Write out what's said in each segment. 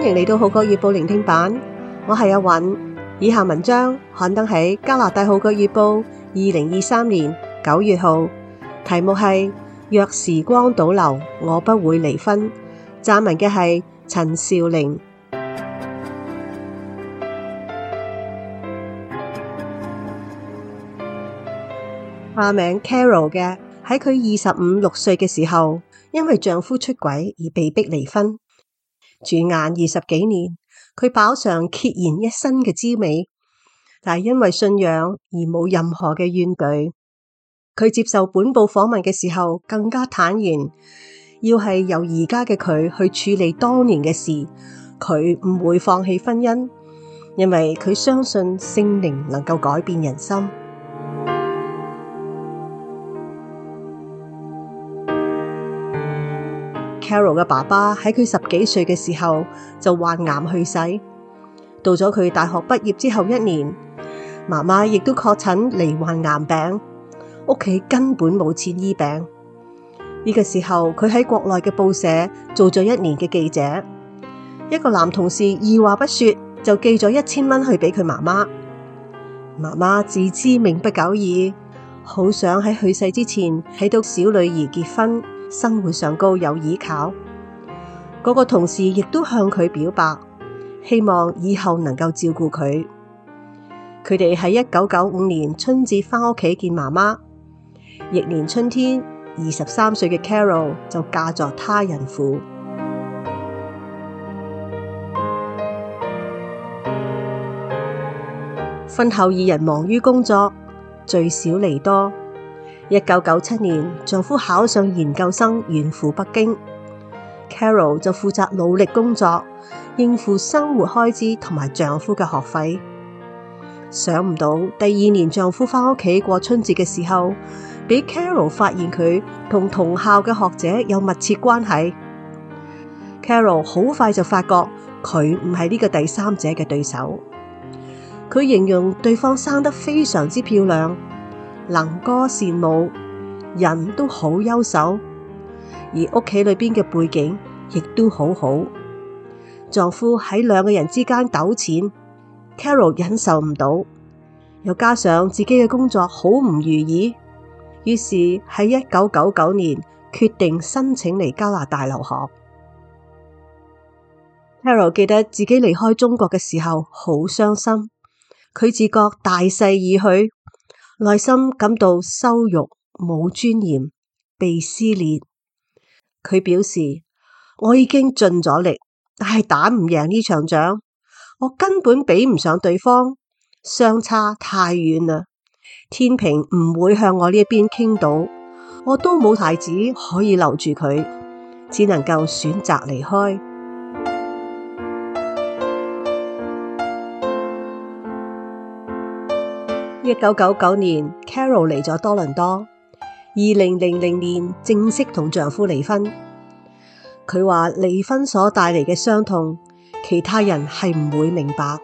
歡迎嚟到《號角月報》聆聽版，我係阿韻。以下文章刊登喺《加拿大號角月報》二零二三年九月號，題目係《若時光倒流，我不會離婚》。撰文嘅係陳少玲。化名 Carol 嘅喺佢二十五六歲嘅時候，因為丈夫出軌而被迫離婚。轉眼二十幾年，佢飽嘗孑然一身嘅滋味，但係因為信仰而冇任何嘅怨懟。佢接受本報訪問嘅時候，更加坦言，要係由而家嘅佢去處理當年嘅事，佢唔會放棄婚姻，因為佢相信聖靈能夠改變人心。Carol 嘅爸爸喺佢十幾歲嘅時候就患癌去世，到咗佢大學畢業之後一年，媽媽亦都確診罹患癌病，屋企根本冇錢醫病。呢個時候佢喺國內嘅報社做咗一年嘅記者，一個男同事二話不說就寄咗一千蚊去俾佢媽媽。媽媽自知命不久矣，好想喺去世之前睇到小女兒結婚。生活上高有依靠，嗰、那個同事亦都向佢表白，希望以後能夠照顧佢。佢哋喺一九九五年春節返屋企見媽媽，翌年春天二十三歲嘅 Carol 就嫁咗他人婦。婚後二人忙於工作，聚少離多。一九九七年，丈夫考上研究生，遠赴北京。Carol 就負責努力工作，應付生活開支同埋丈夫嘅學費。想唔到第二年丈夫翻屋企過春節嘅時候，俾 Carol 發現佢同同校嘅學者有密切關係。Carol 好快就發覺佢唔係呢個第三者嘅對手。佢形容對方生得非常之漂亮。能歌善舞，人都好優秀，而屋企裏邊嘅背景亦都好好。丈夫喺兩個人之間糾纏，Carol 忍受唔到，又加上自己嘅工作好唔如意，於是喺一九九九年決定申請嚟加拿大留學。Carol 記得自己離開中國嘅時候好傷心，佢自覺大勢已去。內心感到羞辱、冇尊嚴、被撕裂。佢表示：我已經盡咗力，但係打唔贏呢場仗，我根本比唔上對方，相差太遠啦。天平唔會向我呢邊傾倒，我都冇太子可以留住佢，只能夠選擇離開。一九九九年，Carol 嚟咗多倫多。二零零零年正式同丈夫離婚。佢話離婚所帶嚟嘅傷痛，其他人係唔會明白。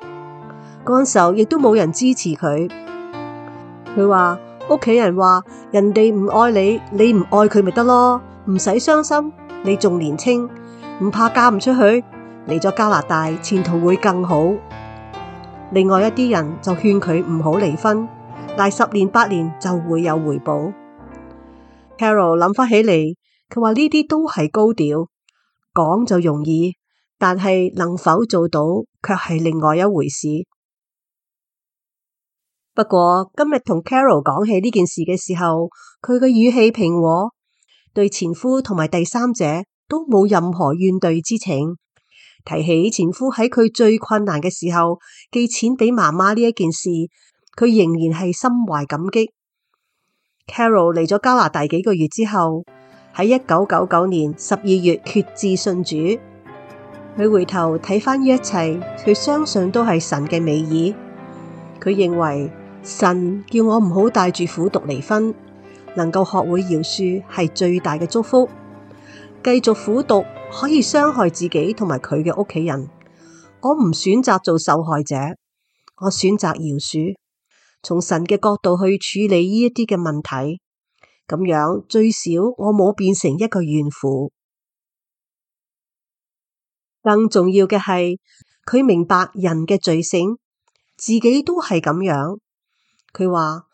嗰陣時亦都冇人支持佢。佢話屋企人話，人哋唔愛你，你唔愛佢咪得咯，唔使傷心。你仲年輕，唔怕嫁唔出去。嚟咗加拿大，前途會更好。另外一啲人就勸佢唔好離婚，賴十年八年就會有回報。Carol 諗返起嚟，佢話呢啲都係高調，講就容易，但係能否做到卻係另外一回事。不過今日同 Carol 講起呢件事嘅時候，佢嘅語氣平和，對前夫同埋第三者都冇任何怨懟之情。提起前夫喺佢最困難嘅時候寄錢俾媽媽呢一件事，佢仍然係心懷感激。Carol 嚟咗加拿大幾個月之後，喺一九九九年十二月決志信主，佢回頭睇返一切，佢相信都係神嘅美意。佢認為神叫我唔好帶住苦毒離婚，能夠學會饒恕係最大嘅祝福。繼續苦毒可以傷害自己同埋佢嘅屋企人，我唔選擇做受害者，我選擇饒恕，從神嘅角度去處理呢一啲嘅問題，咁樣最少我冇變成一個怨婦。更重要嘅係佢明白人嘅罪性，自己都係咁樣。佢話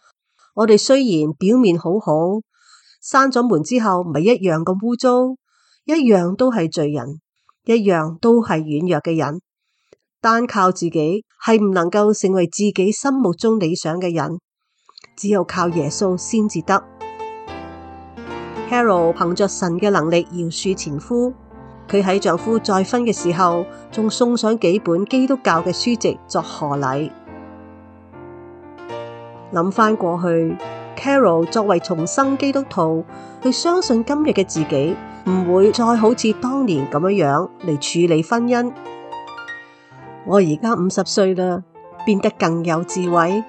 我哋雖然表面好好，閂咗門之後唔係一樣咁污糟。一樣都係罪人，一樣都係軟弱嘅人，單靠自己係唔能夠成為自己心目中理想嘅人，只有靠耶穌先至得。Carol 憑着神嘅能力饒恕前夫，佢喺丈夫再婚嘅時候，仲送上幾本基督教嘅書籍作賀禮。諗翻過去。Carol 作為重生基督徒，佢相信今日嘅自己唔會再好似當年咁樣樣嚟處理婚姻。我而家五十歲啦，變得更有智慧。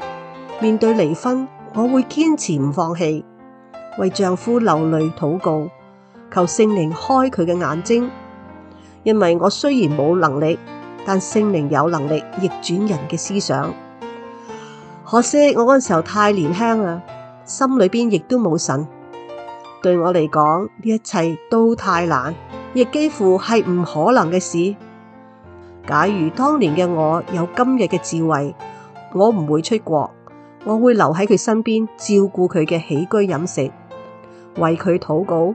面對離婚，我會堅持唔放棄，為丈夫流淚禱告，求聖靈開佢嘅眼睛。因為我雖然冇能力，但聖靈有能力逆轉人嘅思想。可惜我嗰陣時候太年輕啦。心裏邊亦都冇神，對我嚟講，呢一切都太難，亦幾乎係唔可能嘅事。假如當年嘅我有今日嘅智慧，我唔會出國，我會留喺佢身邊照顧佢嘅起居飲食，為佢禱告。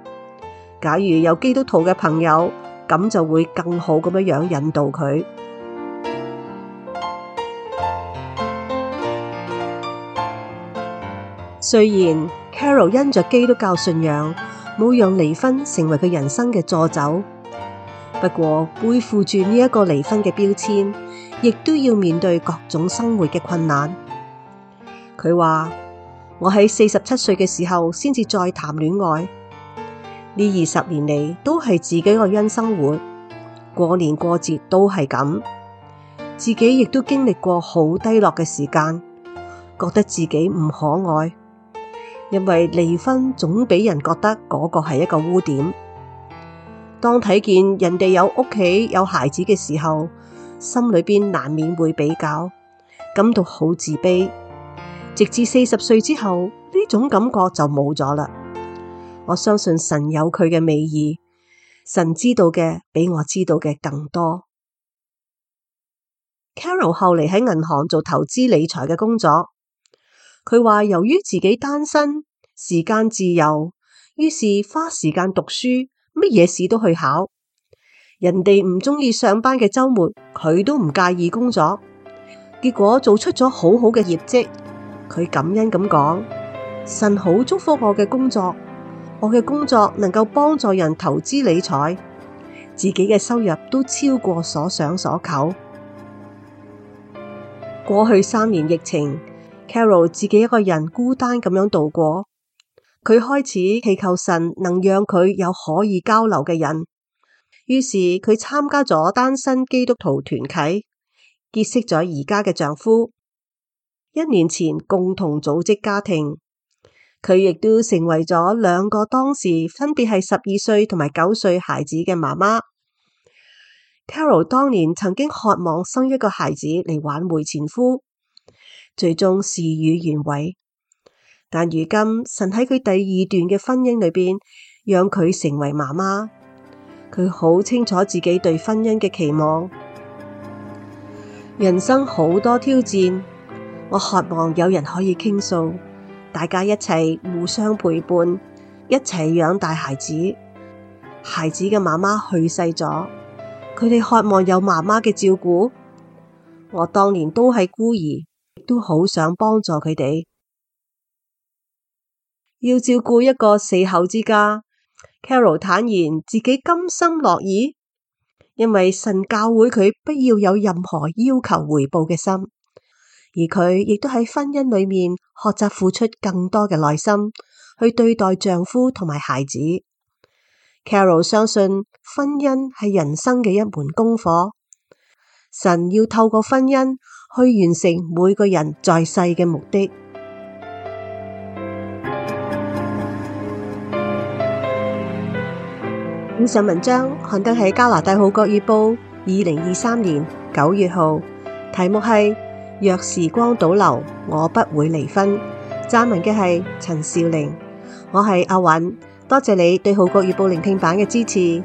假如有基督徒嘅朋友，咁就會更好咁樣引導佢。雖然 Carol 因着基督教信仰，冇讓離婚成為佢人生嘅詛咒，不過背負住呢一個離婚嘅標籤，亦都要面對各種生活嘅困難。佢話：我喺四十七歲嘅時候先至再談戀愛，呢二十年嚟都係自己個人生活，過年過節都係咁，自己亦都經歷過好低落嘅時間，覺得自己唔可愛。因為離婚總俾人覺得嗰個係一個污點。當睇見人哋有屋企有孩子嘅時候，心裏邊難免會比較，感到好自卑。直至四十歲之後，呢種感覺就冇咗啦。我相信神有佢嘅美意，神知道嘅比我知道嘅更多。Carol 後嚟喺銀行做投資理財嘅工作。佢話由於自己單身，時間自由，於是花時間讀書，乜嘢事都去考。人哋唔鍾意上班嘅周末，佢都唔介意工作。結果做出咗好好嘅業績。佢感恩咁講：神好祝福我嘅工作，我嘅工作能夠幫助人投資理財，自己嘅收入都超過所想所求。過去三年疫情。Carol 自己一個人孤單咁樣度過，佢開始祈求神能讓佢有可以交流嘅人，於是佢參加咗單身基督徒團契，結識咗而家嘅丈夫。一年前共同組織家庭，佢亦都成為咗兩個當時分別係十二歲同埋九歲孩子嘅媽媽。Carol 當年曾經渴望生一個孩子嚟挽回前夫。最終事與願違，但如今神喺佢第二段嘅婚姻裏邊，讓佢成為媽媽。佢好清楚自己對婚姻嘅期望。人生好多挑戰，我渴望有人可以傾訴，大家一齊互相陪伴，一齊養大孩子。孩子嘅媽媽去世咗，佢哋渴望有媽媽嘅照顧。我當年都係孤兒。都好想幫助佢哋，要照顧一個四口之家。Carol 坦言自己甘心樂意，因為神教會佢不要有任何要求回報嘅心，而佢亦都喺婚姻裏面學習付出更多嘅耐心去對待丈夫同埋孩子。Carol 相信婚姻係人生嘅一門功課，神要透過婚姻。去完成每個人在世嘅目的。以上文章刊登喺加拿大《號角月報》二零二三年九月號，題目係《若時光倒流，我不會離婚》。撰文嘅係陳少玲。我係阿韻，多謝你對《號角月報》聆聽版嘅支持。